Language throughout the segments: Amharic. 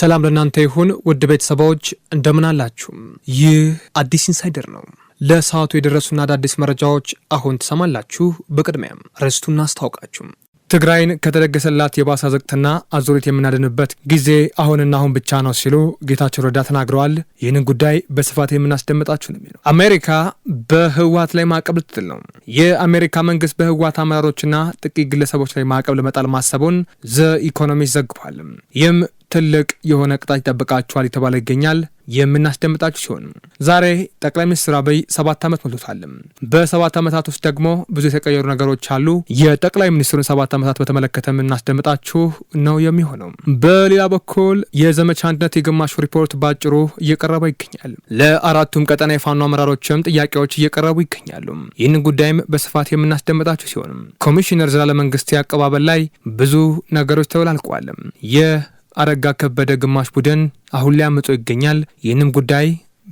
ሰላም ለእናንተ ይሁን ውድ ቤተሰባዎች እንደምን አላችሁ? ይህ አዲስ ኢንሳይደር ነው። ለሰዓቱ የደረሱና አዳዲስ መረጃዎች አሁን ትሰማላችሁ። በቅድሚያም ርዕስቱን አስታውቃችሁ ትግራይን ከተደገሰላት የባሰ ዘቅትና አዙሪት የምናድንበት ጊዜ አሁንና አሁን ብቻ ነው ሲሉ ጌታቸው ረዳ ተናግረዋል። ይህንን ጉዳይ በስፋት የምናስደምጣችሁ ነው የሚለው አሜሪካ በህወሓት ላይ ማዕቀብ ልትጥል ነው። የአሜሪካ መንግስት በህወሓት አመራሮችና ጥቂት ግለሰቦች ላይ ማዕቀብ ለመጣል ማሰቡን ዘ ኢኮኖሚስት ዘግቧል። ይህም ትልቅ የሆነ ቅጣት ይጠብቃቸዋል የተባለ ይገኛል የምናስደምጣችሁ ሲሆን ዛሬ ጠቅላይ ሚኒስትር አብይ ሰባት ዓመት ሞልቶታል። በሰባት ዓመታት ውስጥ ደግሞ ብዙ የተቀየሩ ነገሮች አሉ። የጠቅላይ ሚኒስትሩን ሰባት ዓመታት በተመለከተ የምናስደምጣችሁ ነው የሚሆነው። በሌላ በኩል የዘመቻ አንድነት የግማሹ ሪፖርት በአጭሩ እየቀረበ ይገኛል። ለአራቱም ቀጠና የፋኖ አመራሮችም ጥያቄዎች እየቀረቡ ይገኛሉ። ይህን ጉዳይም በስፋት የምናስደምጣችሁ ሲሆን ኮሚሽነር ዘላለ መንግስቴ አቀባበል ላይ ብዙ ነገሮች ተበላልቀዋል። አረጋ ከበደ ግማሽ ቡድን አሁን ላይ አምጦ ይገኛል። ይህንም ጉዳይ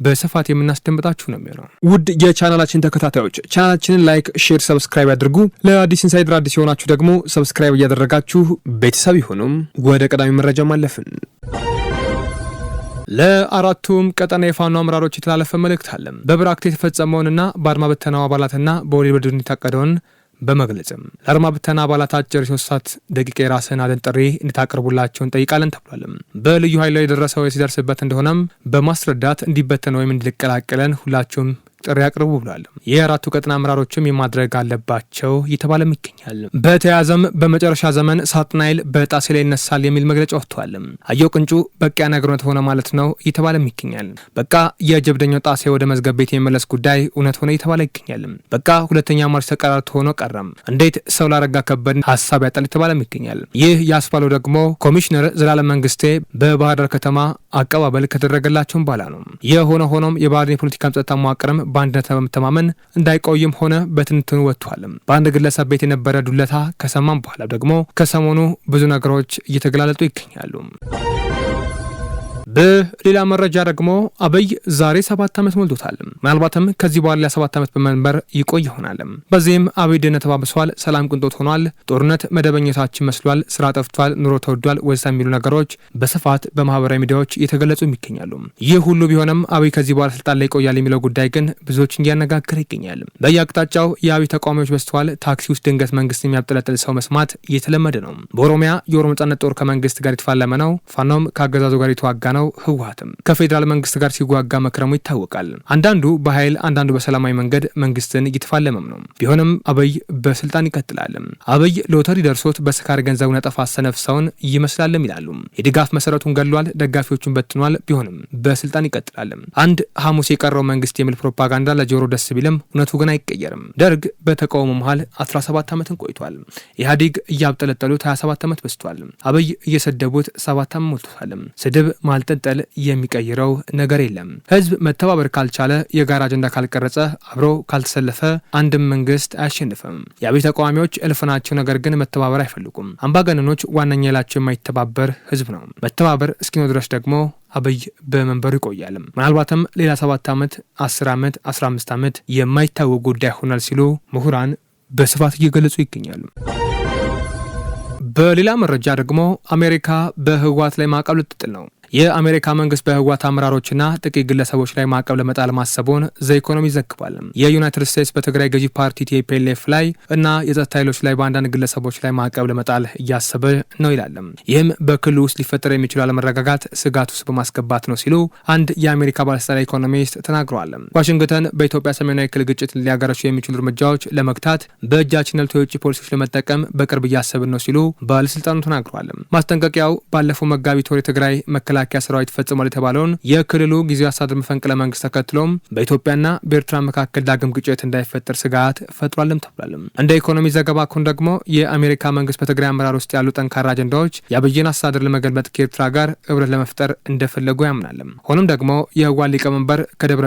በስፋት የምናስደምጣችሁ ነው የሚሆነው። ውድ የቻናላችን ተከታታዮች ቻናላችንን ላይክ፣ ሼር፣ ሰብስክራይብ ያድርጉ። ለአዲስ ኢንሳይድር አዲስ የሆናችሁ ደግሞ ሰብስክራይብ እያደረጋችሁ ቤተሰብ ይሁኑም። ወደ ቀዳሚ መረጃ ማለፍን ለአራቱም ቀጠና የፋኖ አመራሮች የተላለፈ መልእክት አለም በብራክት የተፈጸመውንና በአድማ በተናው አባላትና በወሌ በድን የታቀደውን በመግለጽም ለአርማ ብተና አባላት አጭር የሶስት ደቂቃ የራስህን አደን ጥሪ እንድታቀርቡላቸው እንጠይቃለን ተብሏልም። በልዩ ኃይል ላይ የደረሰው ሲደርስበት እንደሆነም በማስረዳት እንዲበተን ወይም እንዲቀላቀለን ሁላችሁም ጥሪ አቅርቡ ብሏል። ይህ አራቱ ቀጠና አመራሮችም የማድረግ አለባቸው እየተባለም ይገኛል። በተያያዘም በመጨረሻ ዘመን ሳጥናኤል በጣሴ ላይ ይነሳል የሚል መግለጫ ወጥቷል። አየው ቅንጩ በቃ ያናግርነት ሆነ ማለት ነው እየተባለም ይገኛል። በቃ የጀብደኛው ጣሴ ወደ መዝገብ ቤት የመለስ ጉዳይ እውነት ሆነ እየተባለ ይገኛል። በቃ ሁለተኛ ማርች ተቀራርቶ ሆኖ ቀረም። እንዴት ሰው ላረጋ ከበድ ሀሳብ ያጣል የተባለም ይገኛል። ይህ ያስባለው ደግሞ ኮሚሽነር ዘላለም መንግስቴ በባህር ዳር ከተማ አቀባበል ከተደረገላቸውም በኋላ ነው። የሆነ ሆኖም የባህርን የፖለቲካ ጸጥታ መዋቅርም በአንድነት በመተማመን እንዳይቆይም ሆነ በትንትኑ ወጥቷል። በአንድ ግለሰብ ቤት የነበረ ዱለታ ከሰማም በኋላ ደግሞ ከሰሞኑ ብዙ ነገሮች እየተገላለጡ ይገኛሉ። በሌላ መረጃ ደግሞ አብይ ዛሬ ሰባት ዓመት ሞልቶታል። ምናልባትም ከዚህ በኋላ ሰባት ዓመት በመንበር ይቆይ ይሆናል። በዚህም አብይ ድህነት ተባብሷል፣ ሰላም ቅንጦት ሆኗል፣ ጦርነት መደበኛታችን መስሏል፣ ስራ ጠፍቷል፣ ኑሮ ተወዷል ወዘተ የሚሉ ነገሮች በስፋት በማህበራዊ ሚዲያዎች እየተገለጹ ይገኛሉ። ይህ ሁሉ ቢሆንም አብይ ከዚህ በኋላ ስልጣን ላይ ይቆያል የሚለው ጉዳይ ግን ብዙዎችን እያነጋገረ ይገኛል። በየአቅጣጫው የአብይ ተቃዋሚዎች በስተዋል። ታክሲ ውስጥ ድንገት መንግስት የሚያብጠለጥል ሰው መስማት እየተለመደ ነው። በኦሮሚያ የኦሮሞ ነጻነት ጦር ከመንግስት ጋር የተፋለመ ነው፣ ፋኖም ከአገዛዙ ጋር የተዋጋ ነው ነው። ህወሀትም ከፌዴራል መንግስት ጋር ሲዋጋ መክረሙ ይታወቃል። አንዳንዱ በኃይል አንዳንዱ በሰላማዊ መንገድ መንግስትን እየተፋለመም ነው። ቢሆንም አብይ በስልጣን ይቀጥላል። አብይ ሎተሪ ደርሶት በስካር ገንዘቡን ያጠፋ አሰነፍሳውን ይመስላልም ይላሉ። የድጋፍ መሰረቱን ገሏል፣ ደጋፊዎቹን በትኗል። ቢሆንም በስልጣን ይቀጥላል። አንድ ሐሙስ የቀረው መንግስት የሚል ፕሮፓጋንዳ ለጆሮ ደስ ቢልም እውነቱ ግን አይቀየርም። ደርግ በተቃውሞ መሀል 17 ዓመትን ቆይቷል። ኢህአዴግ እያብጠለጠሉት 27 ዓመት በስቷል። አብይ እየሰደቡት ሰባት ዓመት ሞልቶታል። ስድብ ማልጠ ቅጥጥል የሚቀይረው ነገር የለም። ህዝብ መተባበር ካልቻለ፣ የጋራ አጀንዳ ካልቀረጸ፣ አብሮ ካልተሰለፈ አንድም መንግስት አያሸንፍም። የአብይ ተቃዋሚዎች እልፍ ናቸው፣ ነገር ግን መተባበር አይፈልጉም። አምባገነኖች ዋነኛ ያላቸው የማይተባበር ህዝብ ነው። መተባበር እስኪኖር ድረስ ደግሞ አብይ በመንበሩ ይቆያልም። ምናልባትም ሌላ ሰባት ዓመት፣ አስር ዓመት፣ አስራ አምስት ዓመት የማይታወቅ ጉዳይ ይሆናል ሲሉ ምሁራን በስፋት እየገለጹ ይገኛሉ። በሌላ መረጃ ደግሞ አሜሪካ በህወሓት ላይ ማዕቀብ ልትጥል ነው። የአሜሪካ መንግስት በህወሓት አመራሮችና ጥቂት ግለሰቦች ላይ ማዕቀብ ለመጣል ማሰቡን ዘኢኮኖሚ ዘግቧል። የዩናይትድ ስቴትስ በትግራይ ገዢ ፓርቲ ቲፒኤልኤፍ ላይ እና የጸጥታ ኃይሎች ላይ በአንዳንድ ግለሰቦች ላይ ማዕቀብ ለመጣል እያሰበ ነው ይላል። ይህም በክልሉ ውስጥ ሊፈጠር የሚችሉ አለመረጋጋት ስጋት ውስጥ በማስገባት ነው ሲሉ አንድ የአሜሪካ ባለስልጣን ኢኮኖሚስት ተናግረዋል። ዋሽንግተን በኢትዮጵያ ሰሜናዊ ክልል ግጭት ሊያገረሹ የሚችሉ እርምጃዎች ለመግታት በእጃችን ያሉት የውጭ ፖሊሲዎች ለመጠቀም በቅርብ እያሰብን ነው ሲሉ ባለስልጣኑ ተናግረዋል። ማስጠንቀቂያው ባለፈው መጋቢት ወር የትግራይ መከላ መከላከያ ሰራዊት ፈጽሟል የተባለውን የክልሉ ጊዜያዊ አስተዳደር መፈንቅለ መንግስት ተከትሎም በኢትዮጵያና በኤርትራ መካከል ዳግም ግጭት እንዳይፈጠር ስጋት ፈጥሯልም ተብሏልም። እንደ ኢኮኖሚ ዘገባ ኩን ደግሞ የአሜሪካ መንግስት በትግራይ አመራር ውስጥ ያሉ ጠንካራ አጀንዳዎች የአብይን አስተዳደር ለመገልበጥ ከኤርትራ ጋር እብረት ለመፍጠር እንደፈለጉ ያምናልም። ሆኖም ደግሞ የህዋ ሊቀመንበር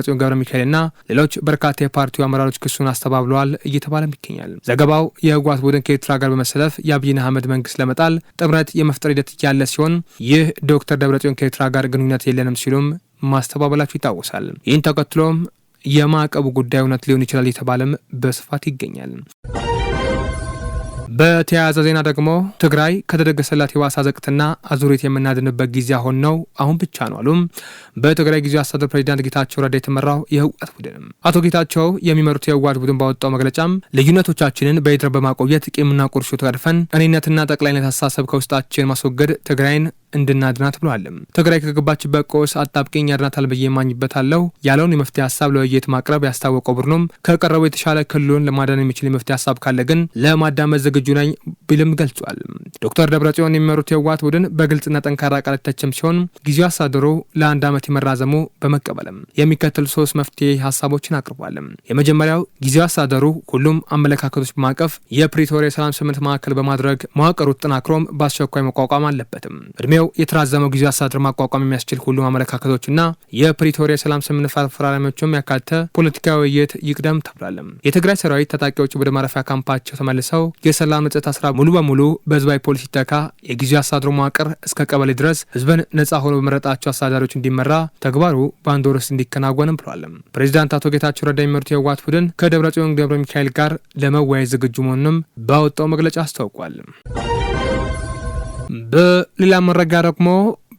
ጽዮን ገብረ ሚካኤልና ሌሎች በርካታ የፓርቲው አመራሮች ክሱን አስተባብለዋል እየተባለም ይገኛል። ዘገባው የህወሓት ቡድን ከኤርትራ ጋር በመሰለፍ የአብይን አህመድ መንግስት ለመጣል ጥምረት የመፍጠር ሂደት ያለ ሲሆን ይህ ዶክተር ደብረጽዮን ከኤርትራ ጋር ግንኙነት የለንም ሲሉም ማስተባበላቸው ይታወሳል። ይህን ተከትሎም የማዕቀቡ ጉዳይ እውነት ሊሆን ይችላል የተባለም በስፋት ይገኛል። በተያያዘ ዜና ደግሞ ትግራይ ከተደገሰላት የዋሳ ዘቅትና አዙሪት የምናድንበት ጊዜ አሁን ነው፣ አሁን ብቻ ነው አሉም በትግራይ ጊዜ አስተዳደር ፕሬዚዳንት ጌታቸው ረዳ የተመራው የህወሓት ቡድንም። አቶ ጌታቸው የሚመሩት የህወሓት ቡድን ባወጣው መግለጫም ልዩነቶቻችንን በሂድረት በማቆየት ቂምና ቁርሾ ተቀድፈን እኔነትና ጠቅላይነት አስተሳሰብ ከውስጣችን ማስወገድ ትግራይን እንድናድናት ብሏል። ትግራይ ከገባችበት ቀውስ አጣብቂኝ ያድናታል ብዬ ማኝበታለሁ ያለውን የመፍትሄ ሀሳብ ለውይይት ማቅረብ ያስታወቀው ቡድኑም ከቀረበው የተሻለ ክልሉን ለማዳን የሚችል የመፍትሄ ሀሳብ ካለ ግን ለማዳመጥ ዝግጁ ነኝ ቢልም ገልጿል። ዶክተር ደብረጽዮን የሚመሩት የህወሓት ቡድን በግልጽና ጠንካራ ቃል የተቸም ሲሆን ጊዜው አስተዳደሩ ለአንድ ዓመት የመራዘሙ በመቀበልም የሚከተሉ ሶስት መፍትሄ ሀሳቦችን አቅርቧል። የመጀመሪያው ጊዜው አስተዳደሩ ሁሉም አመለካከቶች በማቀፍ የፕሪቶሪያ የሰላም ስምምነት ማዕከል በማድረግ መዋቅሩ ተጠናክሮም በአስቸኳይ መቋቋም አለበትም። እድሜ ጉባኤው የተራዘመው ጊዜ አስተዳደር ማቋቋም የሚያስችል ሁሉም አመለካከቶችና የፕሪቶሪያ የሰላም ስምምነት ፈራሚዎችም ያካተተ ፖለቲካዊ ውይይት ይቅደም ተብሏለም። የትግራይ ሰራዊት ታጣቂዎች ወደ ማረፊያ ካምፓቸው ተመልሰው የሰላም ንጽህት ስራ ሙሉ በሙሉ በህዝባዊ ፖሊስ ሲተካ የጊዜ አስተዳደሩ መዋቅር እስከ ቀበሌ ድረስ ህዝብን ነጻ ሆኖ በመረጣቸው አስተዳዳሪዎች እንዲመራ ተግባሩ በአንድ ወር ውስጥ እንዲከናወንም ብሏለም። ፕሬዚዳንት አቶ ጌታቸው ረዳ የሚመሩት የህወሓት ቡድን ከደብረ ጽዮን ገብረ ሚካኤል ጋር ለመወያየት ዝግጁ መሆኑንም ባወጣው መግለጫ አስታውቋል። በሌላ መረጃ ደግሞ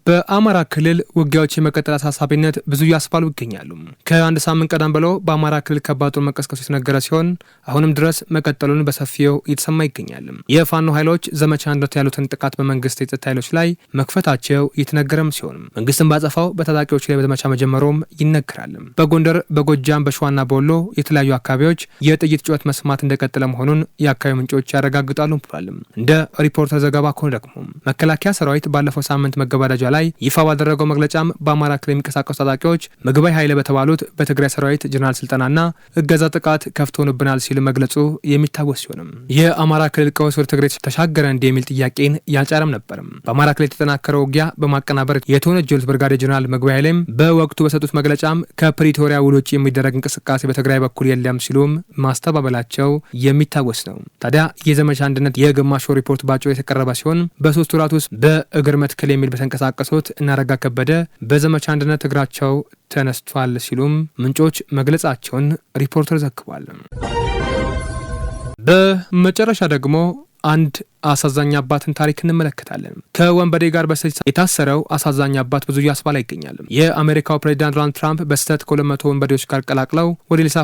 በአማራ ክልል ውጊያዎች የመቀጠል አሳሳቢነት ብዙ እያስባሉ ይገኛሉ። ከአንድ ሳምንት ቀደም ብሎ በአማራ ክልል ከባድ ጦር መቀስቀሱ የተነገረ ሲሆን አሁንም ድረስ መቀጠሉን በሰፊው እየተሰማ ይገኛል። የፋኖ ኃይሎች ዘመቻ አንድነት ያሉትን ጥቃት በመንግስት የጸጥታ ኃይሎች ላይ መክፈታቸው እየተነገረም ሲሆን መንግስትን ባጸፋው በታጣቂዎች ላይ በዘመቻ መጀመሩም ይነገራል። በጎንደር፣ በጎጃም፣ በሸዋና በወሎ የተለያዩ አካባቢዎች የጥይት ጩኸት መስማት እንደቀጠለ መሆኑን የአካባቢ ምንጮች ያረጋግጣሉ ብሏል። እንደ ሪፖርተር ዘገባ ከሆነ ደግሞ መከላከያ ሰራዊት ባለፈው ሳምንት መገባደጃ ሚዲያ ላይ ይፋ ባደረገው መግለጫም በአማራ ክልል የሚንቀሳቀሱ ታጣቂዎች ምግባይ ኃይለ በተባሉት በትግራይ ሰራዊት ጀኔራል ስልጠናና እገዛ ጥቃት ከፍቶንብናል ሲል መግለጹ የሚታወስ ሲሆንም የአማራ ክልል ቀውስ ወደ ትግራይ ተሻገረ እንዲህ የሚል ጥያቄን ያልጫረም ነበርም። በአማራ ክልል የተጠናከረው ውጊያ በማቀናበር የተወነጀሉት ብርጋዴ ጀነራል ምግባይ ኃይሌም በወቅቱ በሰጡት መግለጫም ከፕሪቶሪያ ውል ውጭ የሚደረግ እንቅስቃሴ በትግራይ በኩል የለም ሲሉም ማስተባበላቸው የሚታወስ ነው። ታዲያ የዘመቻ አንድነት የግማሾ ሪፖርት ባጭሩ የተቀረበ ሲሆን በሶስት ወራት ውስጥ በእግር መትከል የሚል በተንቀሳቀሱ የጠቀሱት እናረጋ ከበደ በዘመቻ አንድነት እግራቸው ተነስቷል ሲሉም ምንጮች መግለጻቸውን ሪፖርተር ዘግቧል። በመጨረሻ ደግሞ አንድ አሳዛኝ አባትን ታሪክ እንመለከታለን። ከወንበዴ ጋር በስህተት የታሰረው አሳዛኝ አባት ብዙ ያስባል አይገኛል። የአሜሪካው ፕሬዚዳንት ዶናልድ ትራምፕ በስህተት ከሁለት መቶ ወንበዴዎች ጋር ቀላቅለው ወደ ሌስ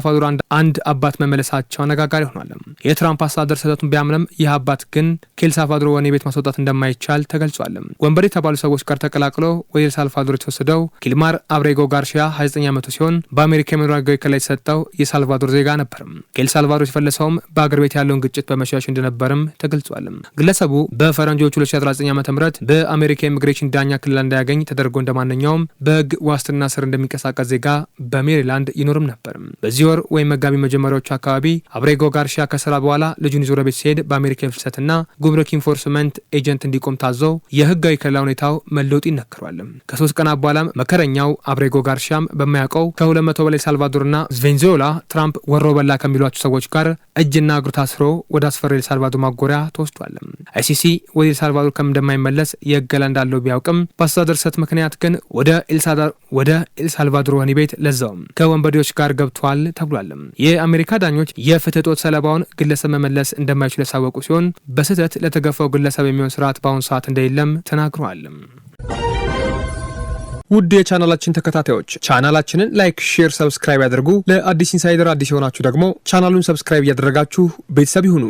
አንድ አባት መመለሳቸው አነጋጋሪ ሆኗል። የትራምፕ አስተዳደር ስህተቱን ቢያምንም ይህ አባት ግን ከኤል ሳልቫዶር ወህኒ ቤት ማስወጣት እንደማይቻል ተገልጿል። ወንበዴ የተባሉ ሰዎች ጋር ተቀላቅለው ወደ ኤል የተወሰደው ኪልማር አብሬጎ ጋርሺያ 29 ዓመቱ ሲሆን በአሜሪካ የመኖሪያ ሕጋዊ ከላይ የተሰጠው የሳልቫዶር ዜጋ ነበርም። ከኤልሳልቫዶር የተፈለሰውም በአገር ቤት ያለውን ግጭት በመሻሽ እንደነበርም ተገልጿል። ግለሰቡ በፈረንጆች 2019 ዓ ም በአሜሪካ ኢሚግሬሽን ዳኛ ክልል እንዳያገኝ ተደርጎ እንደማንኛውም በህግ ዋስትና ስር እንደሚንቀሳቀስ ዜጋ በሜሪላንድ ይኖርም ነበር። በዚህ ወር ወይም መጋቢ መጀመሪያዎቹ አካባቢ አብሬጎ ጋርሺያ ከስራ በኋላ ልጁን ይዞ ቤት ሲሄድ በአሜሪካ የፍልሰትና ጉምሩክ ኢንፎርስመንት ኤጀንት እንዲቆም ታዘው የህጋዊ ከለላ ሁኔታው መለወጡ ይነገሯል። ከሶስት ቀናት በኋላም መከረኛው አብሬጎ ጋርሺያም በማያውቀው ከ200 በላይ ሳልቫዶርና ቬንዙዌላ ትራምፕ ወሮ በላ ከሚሏቸው ሰዎች ጋር እጅና እግሩ ታስሮ ወደ አስፈሪ ኤልሳልቫዶር ማጎሪያ ተወስዷል። አይደለም። አይሲሲ ወደ ኤልሳልቫዶር እንደማይመለስ የገላ እንዳለው ቢያውቅም በአስተዳደር ሰት ምክንያት ግን ወደ ኤልሳልቫዶር ወህኒ ቤት ለዛውም ከወንበዴዎች ጋር ገብቷል ተብሏል። የአሜሪካ ዳኞች የፍትህ ሰለባውን ግለሰብ መመለስ እንደማይችሉ ያሳወቁ ሲሆን በስህተት ለተገፋው ግለሰብ የሚሆን ስርዓት በአሁኑ ሰዓት እንደሌለም ተናግረዋል። ውድ የቻናላችን ተከታታዮች ቻናላችንን ላይክ፣ ሼር፣ ሰብስክራይብ ያድርጉ። ለአዲስ ኢንሳይደር አዲስ የሆናችሁ ደግሞ ቻናሉን ሰብስክራይብ እያደረጋችሁ ቤተሰብ ይሁኑ።